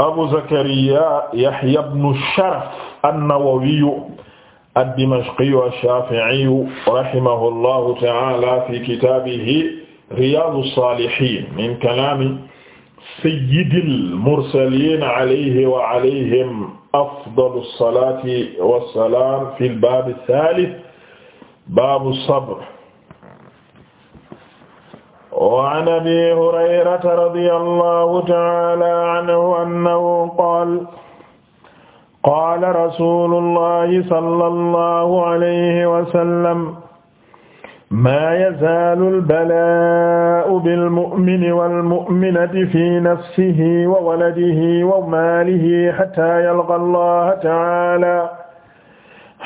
Abu Zakariya Yahya ibnu Sharaf an-Nawawiyu ad-Dimashqiyu ash-Shafi'iyu rahimahullahu ta'ala fi kitaabihi Riyaadu s-Saalihiin min kalaami sayyidil mursaliin alayhi wa alayhim afdalu s-salaati wa s-salaam fil baabi s-saalis baabu s-sabr wa an abi hurayrata radiyallahu ta'ala anhu annahu qaala qaala rasuulullahi sallallahu alayhi wa sallam maa yazaalu al-balaa'u bil-mu'mini wal-mu'minati fii nafsihi wa waladihi wa maalihi hattaa yalqa Allaha ta'aalaa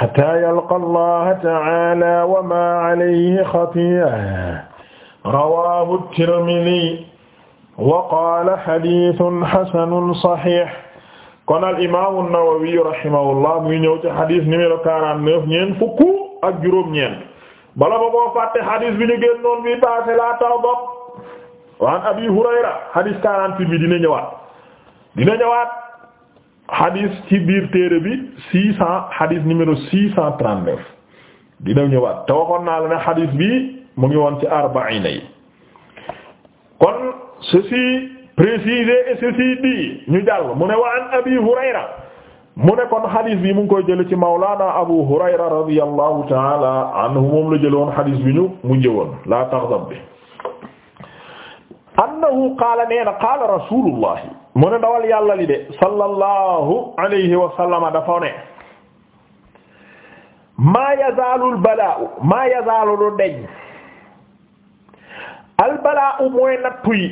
hattaa yalqa Allaha ta'aalaa wa maa alayhi xatii'a rawaahu tirmidi wa qaala xadiisun xasanun saxiix kon al imaamu nawawi rahimahullah muy ñëw ci xadis numéro quarante neuf ñeent fukk ak juróom-ñeent bala ba boo fàtte xadis bi ñu génnoon bi passé la tawbab waan abi hurayra xadis quarante huit bi dina ñëwaat dina ñëwaat xadis ci biir téere bi six cent xadis numéro dina ñëwaat te waxoon naa la ne xadis bi mu ngi woon ci arbaina yi kon ceci précisé et mu ne wa an abi hurayra mu ne kon xadis bi mu ngi koy jële ci mawlaana abu taala anhu moom la jële woon xadis bi ñu mu njëwoon la taxdab bi annahu qaala nee na qaala mu ne dawal yàlla li de sallallahu alayhi wa sallama dafa ne maa yazaalul balaa maa yazaalu du deñ albalaa mooy nattu yi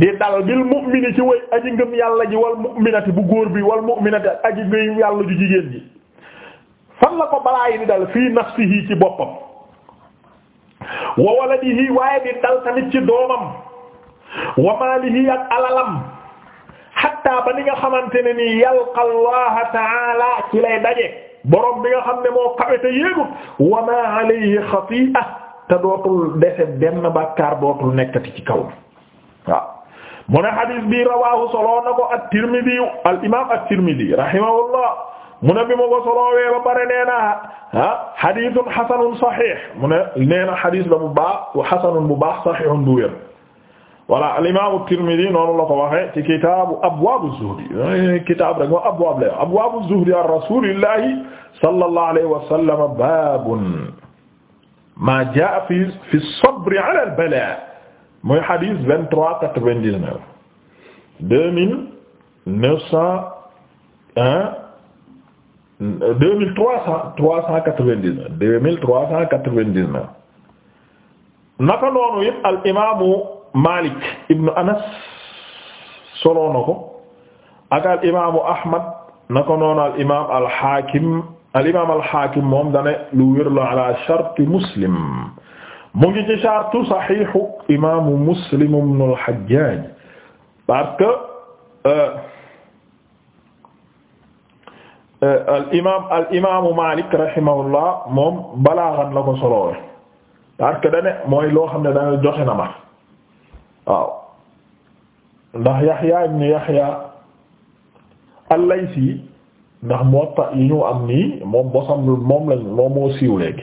di dal bil mu'mini ci way aji ngëm yàlla ji wal mu'minati bu góor bi wal mu'minati aji ngëm yàlla ju jigéen ji fan la ko balaa yi di dal fii nafsihi ci boppam wa waladihi waaye di dal tamit ci doomam wa maalihi ak alalam hatta ba ni nga xamante ne ni yalqa allaha taala ci lay daje borom bi nga xam ne moo xawete yéegut wa ma alayhi xati'a te dootul dese benn bàkkaar dootul nekkati ci kaw waaw mu ne xadiis bi rawaahu soloo na ko at-Tirmidi al imaam at-Tirmidi rahimahullah mu ne bi ma ko soloowee ba pare nee naa ah xadiisun xasanun saxiix mu ne nee na xadiis la bu baax wa xasanun bu baax saxiixun bu wér voilà al imaam at-Tirmidi noonu la ko waxee ci kitaabu abwaabu zuhdi kitaab rek moo abwaab la abwaabu zuhdi ar rasuulillahi sallallahu alayhi wa sallam baabun maa jaa fi fi sabri ala al bala mooy xadis vingt trois quatre vingt dix neuf deux mille neuf cent un deux mille trois cent trois cent quatre vingt dix neuf deux mille trois cent quatre vingt dix neuf naka noonu yëpp al imaamu Malik ibnu Anas solo na ko ak al imaamu Ahmad naka noonu al imaam al Hakim. alimaam alxaakim moom dane lu wér la ala sharti muslim mu ngi ci muslim ibnu alxajjaaj parce que euh, euh, Maalik rahimahullah moom balaaxan la ko soloowe parce que dane mooy loo xam ne dane joxe na ma waaw ndax Yaxya ibnu Yaxya al ndax Muwatta yi ñu am nii moom bosam moom lañ moom moo siiw léegi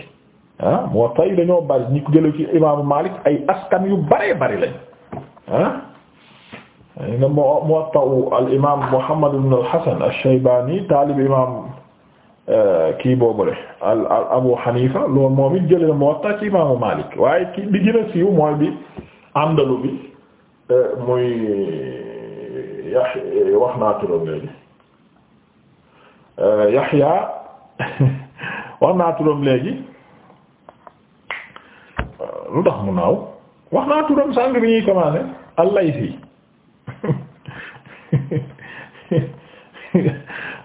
ah Muwatta yi dañoo bari ñi ko jële ci imaamu Maalik ay askan yu baree bari lañ ah nga Muwatta al imaam Muhammad ibn al Hasan ash-Shaybani taalib imaam euh, kii boobule al al Abu waaye ki bi gën a siiw mooy bi àndalu bi euh, muy wax naa turam léegi Euh, Yaxya wax naa turam léegi euh, lu tax mu naaw wax naa turam sàng bi ñuy commencé al-Laysi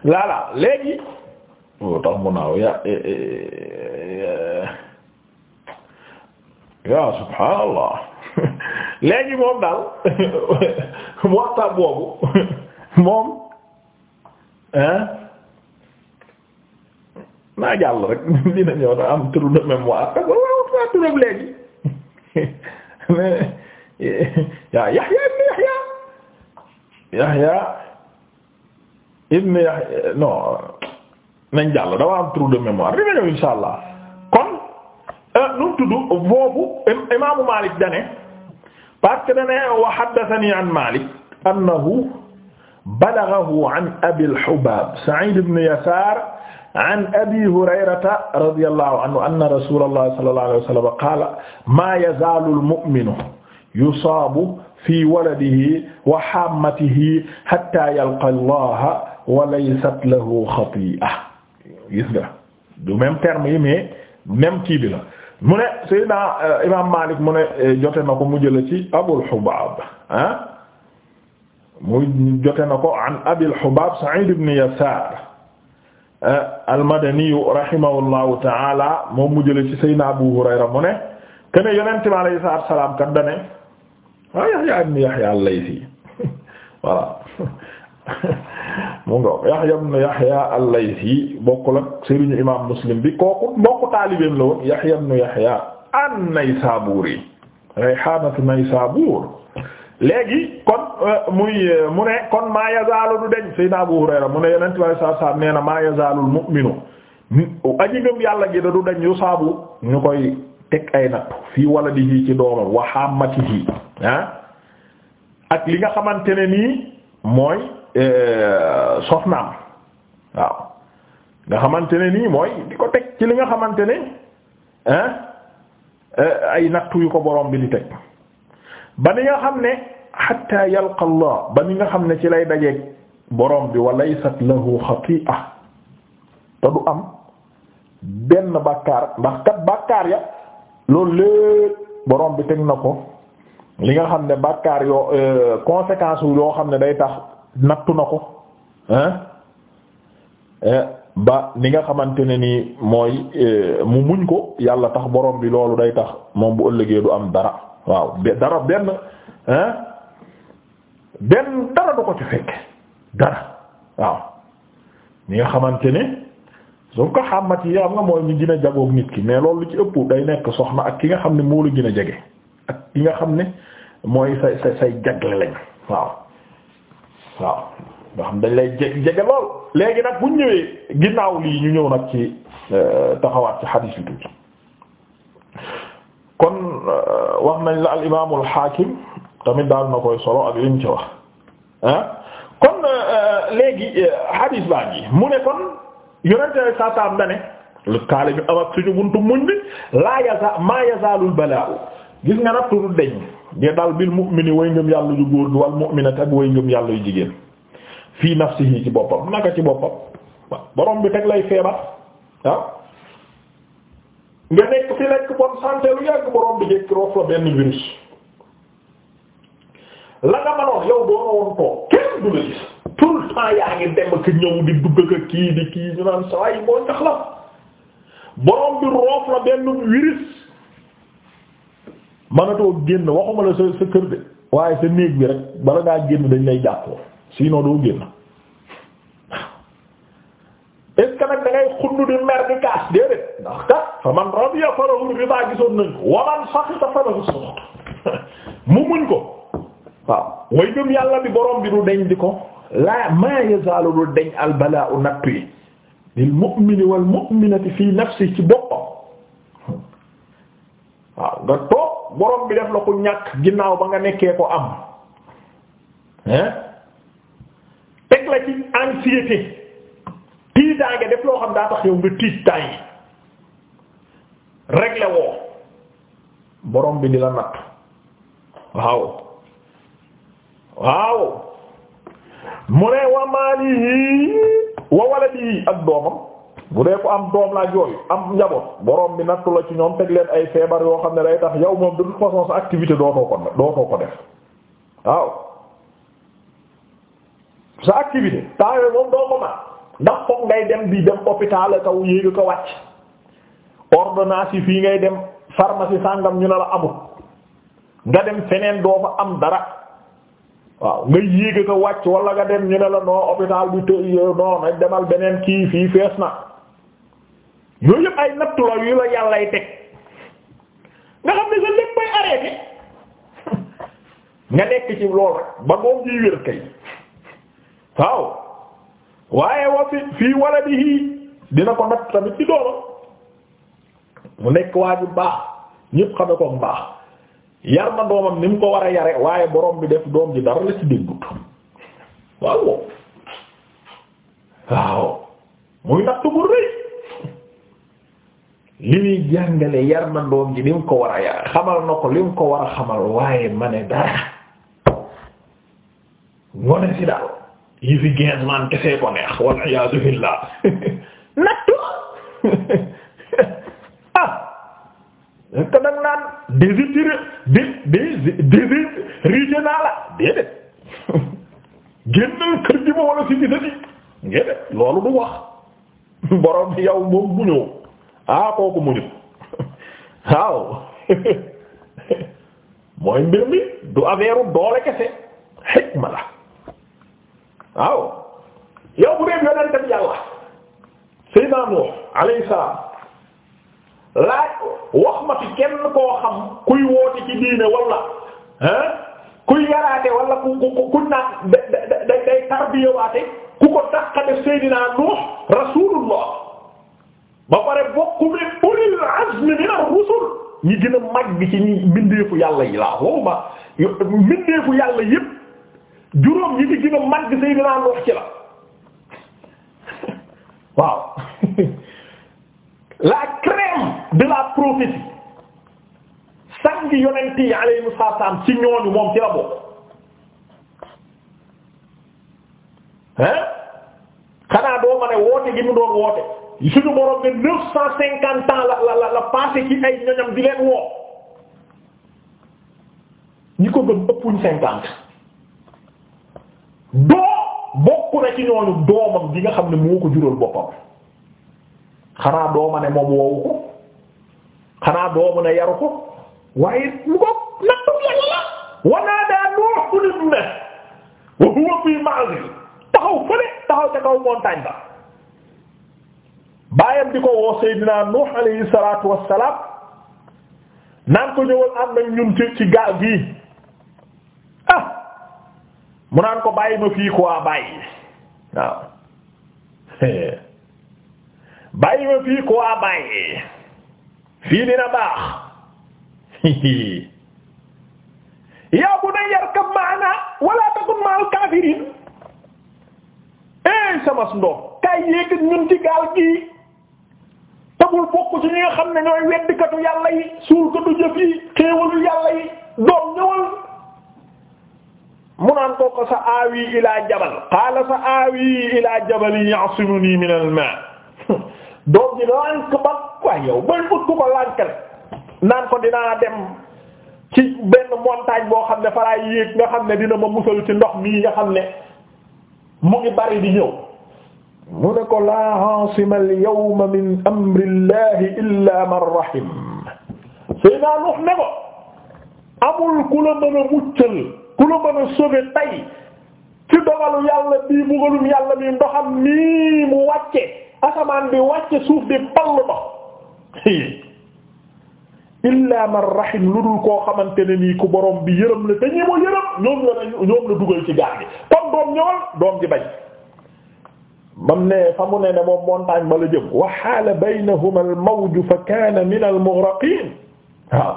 laala léegi lu mu naaw ya eh, eh, eh. ya subhaanallah léegi moom daal mu waxtaan boobu moom hein naa jàll rek dina ñëw na am trou de mémoire parce que waaw waa turam léegi yaa Yahya ibn Yahya Yahya ibn Yahya non nañ jàll dama am trou de mémoire dina ñëw insha allah kon euh, nu mu tudd boobu imaamu Maalik dane parce que dane wa haddathani an Maalik annahu balaghahu an Abil Hubaab Sa'iid ibn Yasaar an abi hurayrata radiyallahu anhu anna rasulallahi sallallahu alayhi wa sallam qaala maa yazaalu al-mu'minu yusaabu fi waladihi wa hammatihi hatta yalqa allaha wa laysat lahu xati'a gis nga du même terme yi mais même kii bi la mu ne Seydina euh, Imaam Maalik mu ne eh, jote na ko mu jële ci Abul Hubaab ah mu jote na ko an Abil Hubaab Sa'iid ibn Yasaar Eh, almadaniyu rahimahullahu taala moom mu jële ci Seydina Abu Hurayra mu ne kene yonent bi alayhi salaatu salaam kat dane ah Yahya ibn Yahya al-Laythi voilà mu ngo Yahya ibn Yahya al-Laythi bokkul ak sëriñu imaam Muslim bi kooku mbokku taalibeem la woon Yahya ibn Yahya an-Naysaburi rayhaanatu Naysabur léegi kon euh, muy euh, mu ne kon maa yazaalu du deñ Seydina Abu Hurayra mu ne yonent bi sallallahu alayhi wasallam nee na maa yazaalul mu'minu aji ngëm yàlla gi da du dañ yu saabu ñu koy teg ay natt fii waladihi ci doomam wa hammatihi ah ak li nga xamante ne nii mooy euh, soxnaam waaw nga xamante ne nii mooy di ko teg ci li nga xamante ne ah ay nattu yu ko borom bi di teg ba ni nga xam ne hatta yalqa Allah ba ni nga xam ne ci lay dajeeg borom bi wa laysat lahu xati'a te du am benn bàkkaar ndax kat bàkkaar ya loolu lépp borom bi teg na ko li nga xam ne bàkkaar yoo euh, conséquences yu yoo xam ne day tax nattu na ko hein euh, ba ni nga xamante ne nii mooy euh, mu muñ ko yàlla tax borom bi loolu day tax moom bu ëllëgee du am dara waaw dara benn hein benn dara du ko ci fekk dara waaw ñi nga xamante ni su ko xàmmat yi am nga mooy ñu gën a jagoog nit ki mais loolu lu ci ëpp day nekk soxna ak ki nga xam ne moo la gën a jege ak ki nga xam ne mooy say say say jagle lañ waaw waaw nga xam dañ lay jege jege lool léegi nag bu ñëwee ginnaaw lii ñu ñëw nag ci euh, taxawaat ci xadiis yi tuuti kon euh, wax nañ la al imaamul Hakim tamit daal na koy solo ak liñ ci wax ah kon euh, euh, léegi hadis baa ngi mu ne kon yonente saa saam na ne lu kaale bi am ak suñu buntu muñ bi laa yaza maa yazaalul balaa gis nga nattu du deñ nga dal bil mu'mini way ngëm yàlla ju góor gi wal mu'minati ak way ngëm yàlla jigéen fii nafsihi ci boppam naka ci boppam borom bi teg lay feebar ah? nga nekk fi lekk bon santé lu yàgg borom bi jëkk roof la benn virus la nga manoon yow doo ngi dugg ak kii ñu naan saa yi moo roof la benn virus manatoo génn waxuma la sa sa kër de waaye sa néeg bi rek bala ngaa génn dañ lay jàppoo sinon doo génn est-ce que nag da ngay di mer di kaas déedéet ndax kat fa man radiya falahu rida gisoon nañ ko wa man saxita falahu suxut mu muñ ko waaw way gëm yàlla bi borom bi du deñ di ko la ma yazaalu du deñ al balaa'u nattu yi lil mu'mini wal mu'minati fii nafsi ci boppam waaw nga toog borom bi def la ko ñàkk ginnaaw ba nga nekkee ko am teg la ci anxiété tiitaange def loo xam daa tax yow nga tiit temps yi woo borom bi di la natt waaw waaw mu ne wa maalihi wa waladihi ak doomam bu dee ko am doom laaj yooyu am njaboot borom bi nattu la ci ñoom teg leen ay feebar yoo xam ne day tax yow moom de façon sa activité dootoo ko dootoo ko def waaw sa activité temps yooyu moom doo ko mën ndax foog ngay dem bi dem hôpital kaw yéegi ko wàcc ordonnance fii ngay dem pharmacie sàngam ñu ne la amul nga dem feneen doo am dara waaw nga yéegi ko wàcc wala nga dem ñu ne la non hôpital bi tëj euh, non nañ demal beneen kii fii fees na yooyu yëpp ay nattu la yu la yàllay teg nga xam ne sa lépp bay arrêté nga nekk ci lool rek ba moom ñuy wér kay waaw. waaye wa fi fii waladihi dina ko natt tamit ci doomam mu nekk waa ju baax ñépp xame ko baax yar na doomam ni mu ko war a yare waaye boroom bi def doom ji dara la ci déggut waaw waaw muy natt bu rëy li muy jàngale yar na doom ji ni mu ko war a yare xamal na ko li mu ko war a xamal waaye ma ne dara ngone si daal yi fi quinze man kese ko neex wal iyaazu billah nattu ah te da nga naan désiré dé dé désiré riche naa la déedéet génnal kër gi wala si gisati déedéet loolu du wax borom yow moom bu ñëw ah kooku mu ñëw waaw mooy mbir mi du affaire doole kese xikma waaw yow bu dee yonent bi yàlla Seydina Nuux alayhi salaam laaj wax ma fi kenn koo xam kuy woote ci diine wala ah kuy yaraate wala ku ku ku naan da da day tarbiyawaate ku ko dàqa def Seydina Nuux rasulullah ba pare bokk mi ulil azmi min ar-rusul ñi gën a mag bi ci ñi mbindeefu yàlla yi laa waxuma mbindeefu yàlla yépp. juróom yi di gën a màgg Seydina Nuux ci la waaw la crème de la prophétie sangi yonent yi alayhimu salaam ci ñooñu moom ci la bokk hein xanaa doo ma ne woote gi mu doon woote suñu borom ne neuf cent cinquante ans la la la passé ci ay ñoñam di leen woo ñi ko gën ëppuñ cinquante doo bokk ci ñooñu doomam gi nga xam ne moo ko jural boppam xanaa dooma ne moom woowu xanaa doomu ne yaru ko waaye mu ko nattum yàlla la wanaa daa Nuuh ibn wa huwa fii ma'zil taxaw fële taxaw ca kaw montagne ba baayam di ko woo Seydina Nuuh alayhi salaatu wassalaam ko ñëwal ñun ci ci gi mu naan ko bàyyi ma fii quoi bàyyi waaw bàyyi ma fii quoi bàyyi fii dina baax yaa bunayya irkab ma'ana wala takun ma'al kaafiriin eh sama ndox kay yéeg ñun ci gi tabul bokk ci ñi xam ne ñooy weddikatu yàlla yi suul ko yi ko ko sa aawi ilaa jabal qaala sa aawi ilaa jabal ya'simunii min al-maa doom ji lànk ba ko yow ba ut ko lànkal naan ko dinaa dem ci benn montagne boo xam ne faraay yéeg nga xam ne dina ma musal ci ndox mii nga xam ne mu ngi bari di ñëw mu ne ko laa aasima al-yawma min amri llahi illa man rahim Seydina Nuux ne ko amul ku la mën a muccal ku la mën a sauver tay ci dogalu yàlla bii bugalum yàlla bii ndoxam mii mu wàcce asamaan bi wàcce suuf bi pall ba illa man rahim lu dul koo xamante ne nii ku borom bi yërëm la te ñi mu yërëm ñoom la ñoom la dugal ci gaal gi kon doom ñëwal doom ji bañ bam ne fa mu ne ne moom montagne ba la jëm wa xaala baynahuma al mawju fa kaana min al mughraqin waaw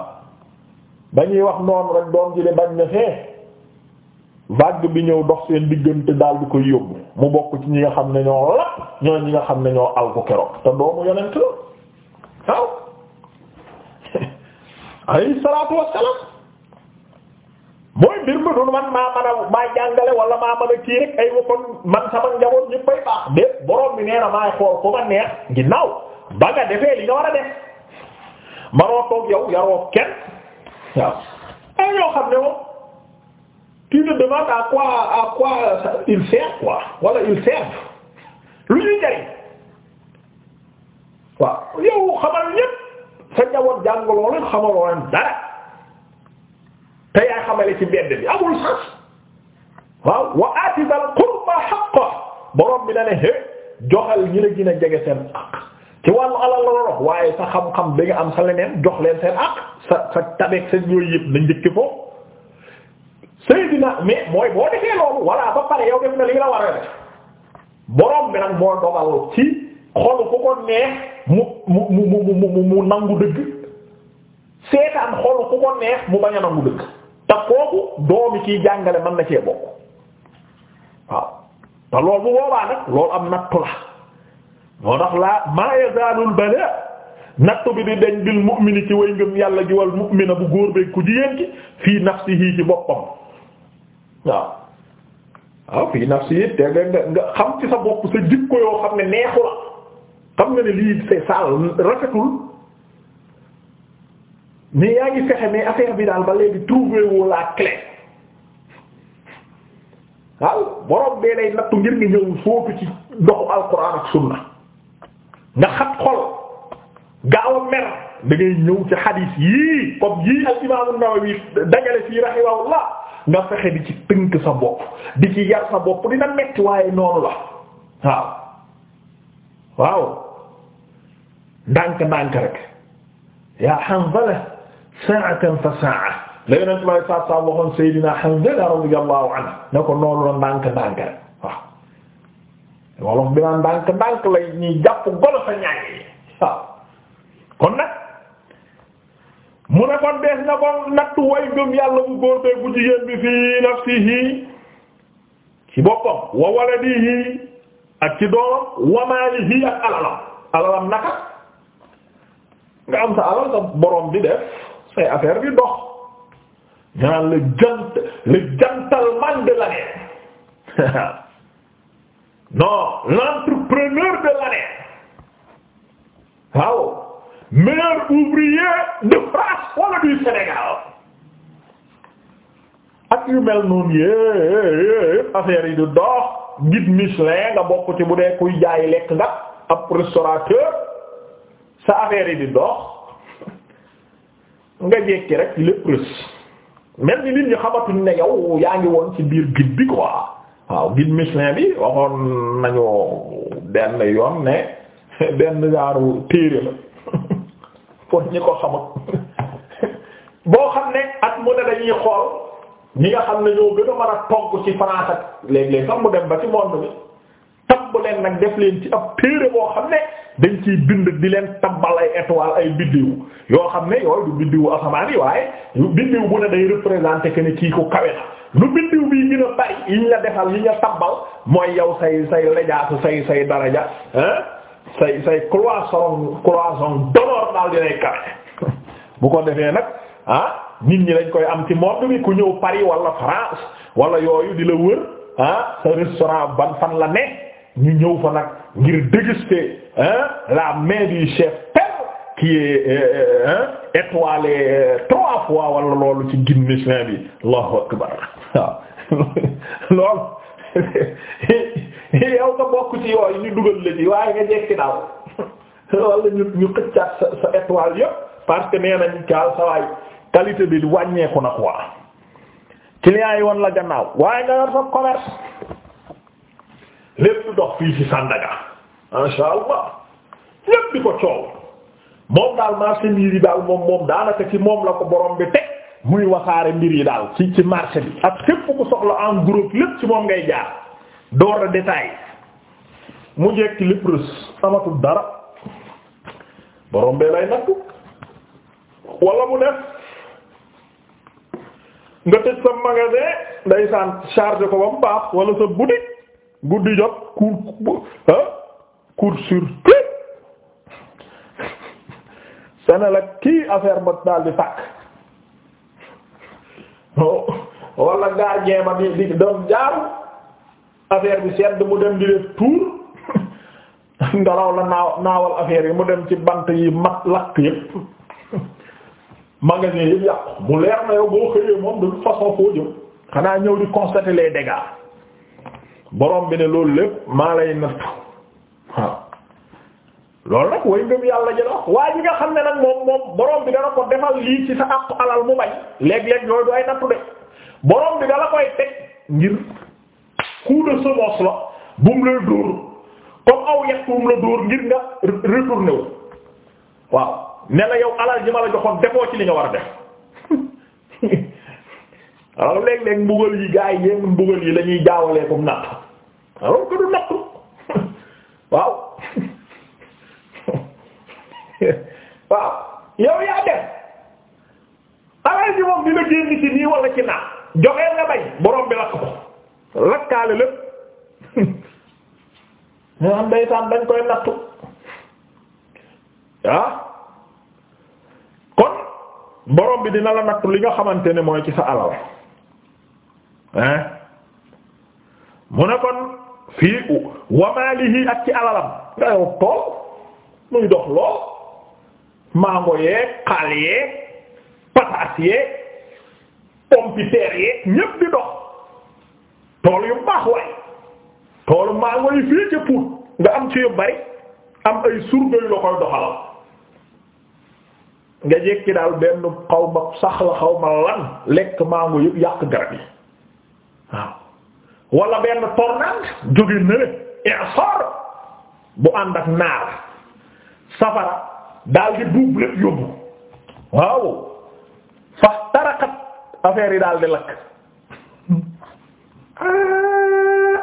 dañuy wax noonu rek doom ji de bañ na fee vague bi ñëw dox seen diggante daal di koy yóbbu mu bokk ci ñi nga xam ne ñoo lapp ñoo ñi nga xam ne ñoo alku keroog te doomu yonent la waaw salaatu wassalaam mooy mbir mi doon man maa man a maa jàngale wala maa man a kii rek ay woppan man sama njaboot ñu bay baax dépp borom bi nee na maay xool ko ma neex ginnaaw ba nga defee li nga war a def maroo toog yow yaroo kenn waaw ay yoo xam ne moom tu te demandes à quoi a quoi il sert quoi wala il sert lu ñuy jariñ waaw xamal ñépp sa njaboot jàngaloo leen xamaloo leen dara te yaa xamale ci mbedd bi amul sens waaw wa aati dal qurba haqqa borom bi na ne é joxal ñi la gën a jege seen àq ci wàllu alal la rox waaye sa xam-xam bi nga am sa leneen jox leen seen àq sa sa sa yooyu yëpp na njëkki foofu Seydina mais mooy boo defee loolu walla ba pare yow def na li la war a def borom bi nag moo dogal ci xolu ku ko neex mu mu mu mu mu mu nangu dëgg seetaan xolu ku ko neex mu bañ a nangu dëgg te kooku doomi ciy jàngale mën na cee bokk waaw te loolu bu boobaa nag loolu am nattu la moo tax laa maa yazaalul bala nattu bi di dañ bil mu'mini ci way ngëm yàlla ji wal mu'mina bu góor beeg ku jigéen ki fii nafsihi ci boppam. waaw waaw fii nafsi it te nga xam ci sa bopp sa jikko yoo xam ne neexu la xam nga ne lii c'est sale rafetul mais yaa ngi fexe mais affaire bi daal ba léegi trouver wu la clé waaw borom bee lay nattu ngir nga ñëw foofu ci doxu alquran ak sunna nga xat xol gaaw a mer da ñëw ci hadith yii comme yii al imam an-Nawawi dajale fii rahimahullah nga fexe di ci tënk sa bopp di ci yar sa bopp dina metti waaye noonu la waaw waaw ndànk ndànk rek yaa Hanzala sa'atan fa sa'a la yonent bi saa saa waxoon Seydina Hanzala radiyallahu anhu ne ko noonu la ndànk ndànk rek waaw wolof bi naan ndànk ndànk lay ñuy jàpp golo sa ñaay waaw kon nag mu ne kon dees na ko nattu way gëm yàlla bu góor bee bu jigéen bi fii nafsihi ci boppam wa waladihi ak ci doomam wa maalihi ak alalam alalam naka nga am sa alal sa borom bi def say affaire bi dox ñaan le gent le gentleman de l'année non l'entrepreneur de l'année waaw meilleur ouvrier de France wala du Sénégal ak yu mel noonu yépp affaire yi du dox guide Michelin nga bokk bu dee kuy jaay lekk nga ab restaurateur sa affaire yi di dox nga jekki rek lépp mel ni nit ñi xamatuñ ne yow yaa ngi woon ci biir guide bi quoi waaw guide Michelin bi waxoon nañu benn yoon ne benn gaaru téere la kon ñi ko xamut boo xam ne at mu ne dañuy xool ñi nga xam ne ñoo gën a mën a togg ci France ak léeg-léeg sax mu dem ba ci monde bi tabb leen nag def leen ci ab téere boo xam ne dañ ciy bind di leen tabbal ay étoile ay biddiw yoo xam ne yooyu du biddiwu asamaan yi waaye biddiw bu ne day représenter que ne ku kawe na lu biddiw bi gën a bari yi ñu la defal yi ñu la tabbal mooy yow say say lajaatu say say daraja ah say say cloison cloison d'honneur daal di lay kawe bu ko defee nag ah nit ñi lañ koy am ci monde bi ku ñëw Paris wala France wala yooyu di la wër ah, sa restaurant ban fan la ne ñu ñëw fa nag ngir déguster ah la main du chef Perle qui est euh, euh, trois fois wala loolu ci guide Michelin bi Allahu akbar waaw loolu. yow nga bokk ci yooyu ñu dugal la ci waaye nga jekki daal wala ñu ñu xëccaat sa étoile yëpp parce que nee nañ caal sa waay qualité bi wàññeeku na quoi clients yi woon la gannaaw waaye nga yor sa commerce lépp dox fii ci Sandaga insha allah lépp di ko coow moom daal marché mbir yi daal moom moom daanaka ci moom la ko borom bi teg muy waxaare mbir yi daal ci ci marché bi ak képp ku soxla en groupe lépp ci moom ngay jaar. door a détail mu jekk lépp amatul dara borom bee lay nattu wala mu def nga tëj sa magasin ndeysaan chargé ko ba mu baax wala sa boutique guddi jot cour ah cour sur tout sene la kii affaire ba dal di tàkk oh, wala gardien ma di di doon jaaru affaire bi sedd mu dem di def tuur ngelaw la naaw naawal affaire yi mu dem ci bant yi mat lakk yëpp magasin yëpp yàqu mu leer na yow boo xëyee moom de façon foo jëm xanaa ñëw di constater les boroom bi ne loolu lépp maa lay nattu waaw loolu nag way yàlla ji la waaye ñi nga xam ne nag moom moom borom bi dana ko defal lii ci sa àqu alal mu bañ léeg-léeg yooyu du nattu de borom bi dala koy teg ngir coup de semence la bu mu lay dóor comme aw yàq bu ngir nga retourné wu waaw ne la alal ji ma joxoon defoo ci li nga war a def alors léeg-léeg mbugal yi gaa yi yéen mbugal natt alors que du natt waaw waaw yaa def alal ji moom dina nii wala ci naat joxeel nga bay lakkaale lépp ñu am ndeysaan dañ koy nattu ah kon borom bi dina la nattu li nga xamante ne mooy ci sa alal hein mu ne kon fii wa ak ci alalam nga yow tool muy dox loo mango yeeg xaal yeeg pataas yeeg pompiteer yeeg ñépp di dox tool yu baax waay toolu mango yi fii ca Pout nga am ci yu bari am ay surga yu la doxalal nga jekki daal benn xaw ma sax xaw ma lan lekk mango yëpp yàq garab yi waaw wala benn tornade jóge bu ànd ak naar yi daal di lakk Euh,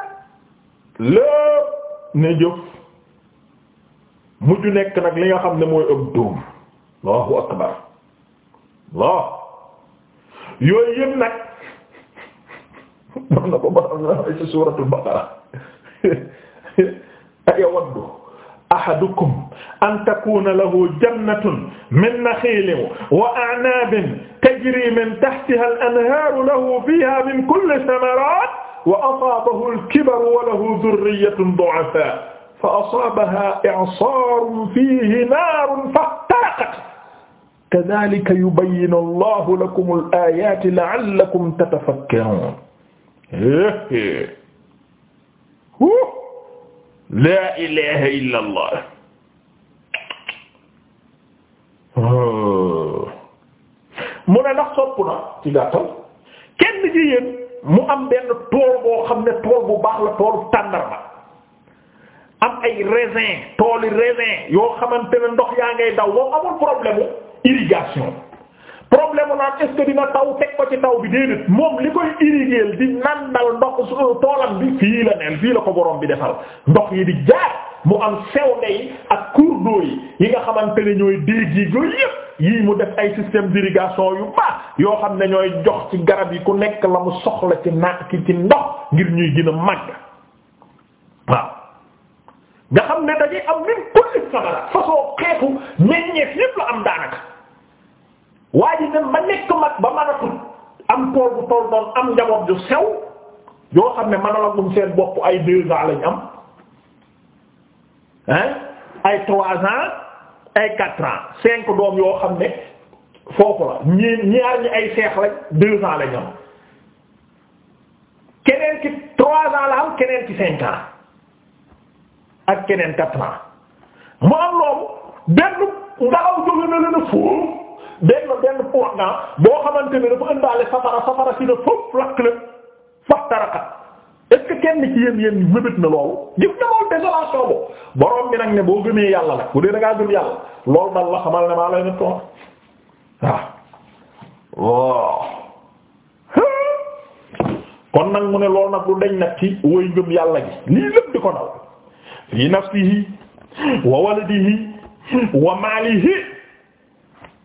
lépp ne jëf mujj nekk nag li nga xam ne mooy ëpp dóom Allahu akbar Allah yooyu yëpp nag noonu na ko baram na ci suuratul baqara ayawaddu ahadukum an takuna lahu jannatun min nakhilin wa a'nabin tajri min tahtiha al-anhaaru lahu fiihaa min kulli samaraat wa asaabahu al-kibaru wa lahu dhurriyyatun du'afaa fa asaabahaa i'saarun fiihi naarun fahtaraqa kazaalika yubayyinu Allahu lakum al-aayaati la'allakum tatafakkaruun. laa ilaaha illa Allah. mu ne ndax sopp na ci gàttal kenn ci yéen mu am benn tool boo xam ne tool bu baax la toolu tàndarma am ay raisin tooli raisin yoo xamante ne ndox yaa ngay daw moom amul problème irrigation problème naan est-ce que dina taw teg ko ci taw bi déedéet moom li koy irriguer di nandal ndox toolam bi fii la neen fii la ko borom bi defal ndox yi di jaar mu am sew ndey ak cours yi yi nga xamante ne ñooy déeg yi yooyu yëpp yii mu def ay système d'irrigation yu baax yoo xam ne ñooy jox ci garab yi ku nekk la mu soxla ci na ci ndox ngir ñuy gën mag màgg waaw nga xam ne dañuy am min kulli samara façon xeetu meññeef yëpp la am daanaka waa ji dem ba nekk mag ba manatul am tool bu tool doon am njaboot ju sew yoo xam ne mënalagum seen bopp ay deux ans lañ am hein ay trois ans ay quatre ans cinq doom yoo xam ne foofu la ñi ñaar ay seex lañ deux ans la ñu am keneen ci trois ans la keneen ci cinq ans ak keneen quatre ans mu am loolu benn ndaxaw jóge na leen a foofu benn benn point boo xamante ne dafa ëndaale safara safara si ne foofu lakk la fax tarakat est-ce que kenn ci yéen yéen mëbët na loolu gis na loolu désolation bo borom bi nag ne boo gëmee yàlla nag bu dee da ngaa gëm yàlla loolu dal la xamal ne maa lay na toon waaw kon nag mu ne loolu nag lu deñ nag ci woy ngëm yàlla gi lii lépp di ko dal fi nafsihi wa waladihi wa maalihi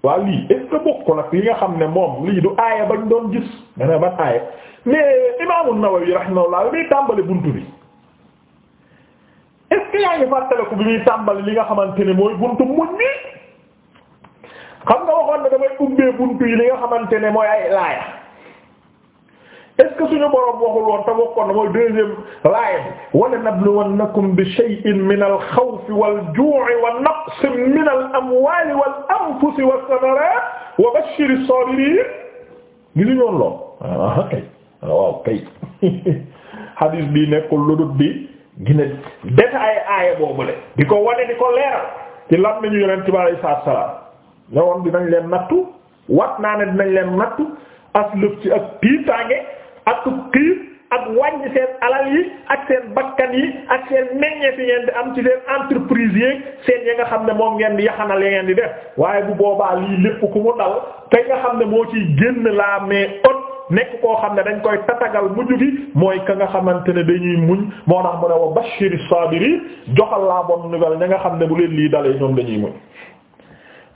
waaw lii est bokk nag li nga xam ne moom lii du aaya bañ doon gis nga ne aaya mais imaamu Nawawi rahimahullah bi muy tàmbali bunt bi est-ce que yaa ngi fàttaliku bi muy tàmbali li nga xamante ne mooy buntu muñ nii xam nga waxoon ne damay ubbee buntu yi li nga xamante ne mooy ay laaya est ce que suñu borom waxul woon te waxoon na mooy deuxième laaya bi wala nabluwannakum bi shay'in min al xawfi wal juu'i wa naqsin min al amwaali wal anfusi was samaraat wa bashiri saabiriin gisuñu woon lool ah, waaw kay bi nekkul lu dul bi gina détaillé aaya boobule di ko wane di ko leeral ci lan nañu yonent bi alayhi salaatu salaam ne woon dinañ leen nattu wat naa ne dinañ leen nattu as lëf ci ak tiitaange ak xiif ak wàññi seen alal yi ak seen bakkan yi ak seen meññeef yi ngeen di am ci seen entreprise yi seen ya nga xam ne moo ngeen di yaxanal ya ngeen di def waaye bu boobaa lii lépp ku mu dal te nga xam ne moo ciy génn laa mais ot nekk koo xam ne dañ koy tatagal mujj gi mooy ka nga xamante ne dañuy muñ moo tax mu ne wa bashiri sabiri joxal laa bonne nouvelle ña nga xam ne bu leen lii dalee ñoom dañuy muñ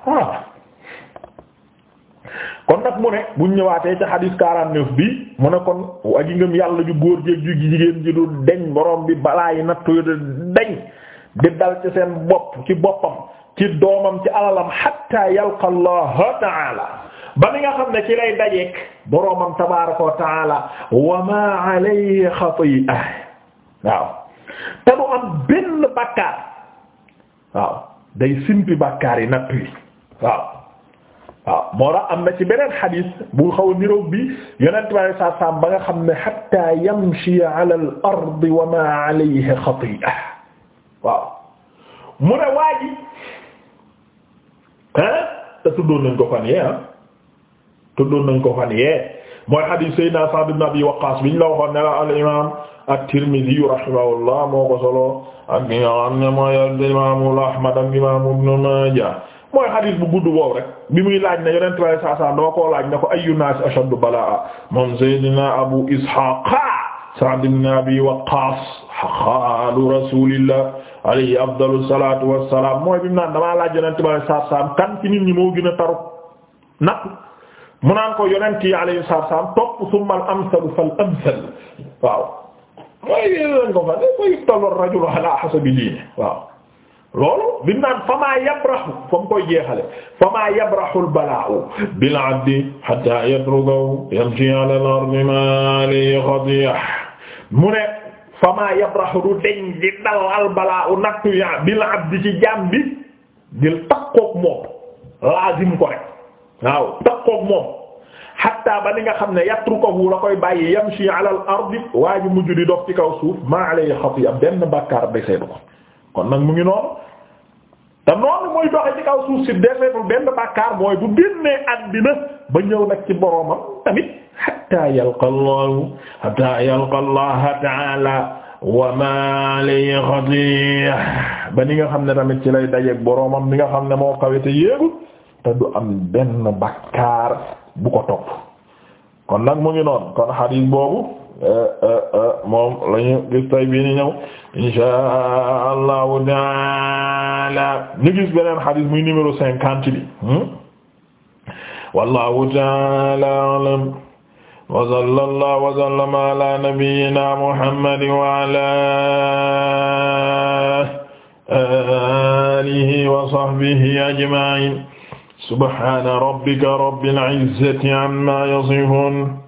ah. kon nag mu ne buñ ñëwaatee ca xadiis 49 bi mu ne kon aji ngëm yàlla ju góor jéeg ju jigéen ji du deñ borom bi balaa yi nattu yu deñ di dal ci seen bopp ci boppam ci doomam ci alalam hatta yalqa Allah ta'ala ba mi nga xam ne ci lay dajeek boroomam tabaaraka wa ta'ala wa ma alayhi xati'a waaw te du am benn bàkkaar waaw day simpi bàkkaar yi nattu yi waaw waaw moo tax am na ci beneen xadis bu xaw a niroog bi yonent bi saa saa ba nga xam ne hatta yamshi ala al ard wa ma alayhi xati'a waaw mu ne waa ji ah te tuddoon nañ ko fan yee ah tuddoon nañ ko fan yee mooy xadis Seydina Sa'd ibn Abi Waqqas biñ la waxoon ne la al imaam at-Tirmidhi rahimahullah moo ko solo ak imaam Ahmad ak imaam Ibn Maaja mooy xadis bu gudd boobu rek bi muy laaj ne yonent bi saa saa ko laaj ne ko ayyu naas ashaddu balaa moom Seydina Abu Ishaq Sa'd ibn Abi Waqqas xaalu rasulillah alayhi afdalu salaatu wassalaam mooy bi mu naan damaa laaj yonent bi saa a taru nag naan ko yonent yi alayhi salaam topp summa al amsal fal amsal waaw mooy yéen a ngi ko rajul ala hasabi diini loolu bi mu naan famaa yabrahu fa mu koy jeexale famaa yabrahu al-balaa'u bil 'abdi hattaa yatrukahu yamshi 'ala al-ardi maa 'alayhi xatii'a mu ne famaa yabrahu du deñ di dal bil 'abdi ci jaam bi dil takkook moom laazim ko rek waaw takkook moom hattaa ba ni nga xam ne yatrukahu la koy bàyyi yamshi 'ala al-ardi waa di dox ci kaw suuf maa 'alayhi xatii'a benn bàkkaar ba seetu kon nag mu ngi noonu te noonu muy doxe ci kaw suuf si defeetul benn bàkkaar mooy bu génnee àddina ba ñëw nag ci boroomam tamit hatta yalqa Allah ta'ala wa ma li xatiya ba ni nga xam ne tamit ci lay dajeek boroomam bi nga xam ne moo kawe te yéegu te du am benn bàkkaar bu ko topp kon nag mu ngi noonu kon xadiis boobu Eh, eh, eh, moom lañu gis tay bii ni ñëw inshaa allahu taala ñu gis beneen xadis muy numéro cinquante bi hmm? wallahu taala alam wa sallallahu wa sallama ala nabiyyina muhammadin wa ala alihi wa sahbihi ajma'in subhana rabbika rabbil izzati amma yasifun